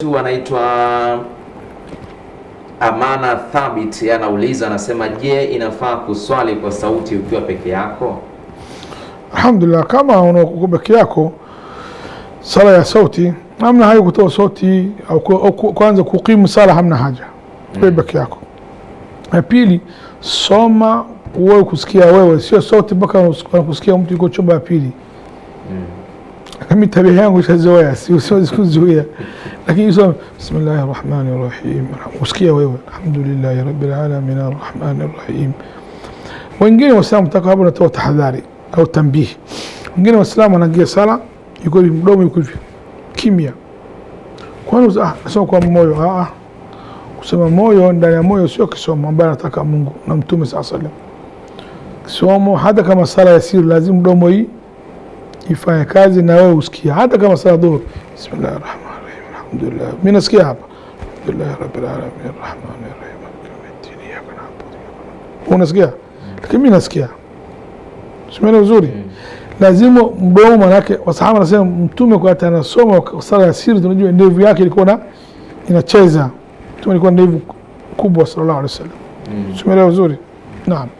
tu anaitwa Amana Thabit anauliza, anasema, je, inafaa kuswali kwa sauti ukiwa peke yako? Alhamdulillah, kama unakuwa peke yako, sala ya sauti hamna haja kutoa sauti au kwanza kukimu sala, hamna haja wewe mm. peke yako. Na pili, soma wewe kusikia wewe, sio sauti mpaka unakusikia mtu yuko chumba ya pili. Mm. Mimi tabia yangu ishazoea, siwezi kuzuia. lakini sasa bismillahir rahmanir rahim usikia wewe alhamdulillahi rabbil alamin arrahmanir rahim wengine waislamu taka hapo natoa tahadhari au tambihi wengine waislamu wanaingia sala yuko mdomo yuko hivi kimya kwani ah nasema kwa moyo ah, ah kusema moyo ndani ya moyo sio kisomo ambaye anataka Mungu na mtume saa salam kisomo hata kama sala ya siri lazima mdomo hii ifanye kazi na wewe usikia hata kama sala dhuhur bismillahir rahmanir alhamdulillah. Mimi nasikia hapa alhamdulillah rabbil alamin arrahmanir rahim unasikia lakini mimi nasikia simeni uzuri hmm. lazima mdomo manake wasahaba anasema mtume kwa hata anasoma sala ya siri tunajua ndevu yake ilikuwa na inacheza mtume alikuwa ndevu kubwa sallallahu alaihi wasallam hmm. simeni uzuri naam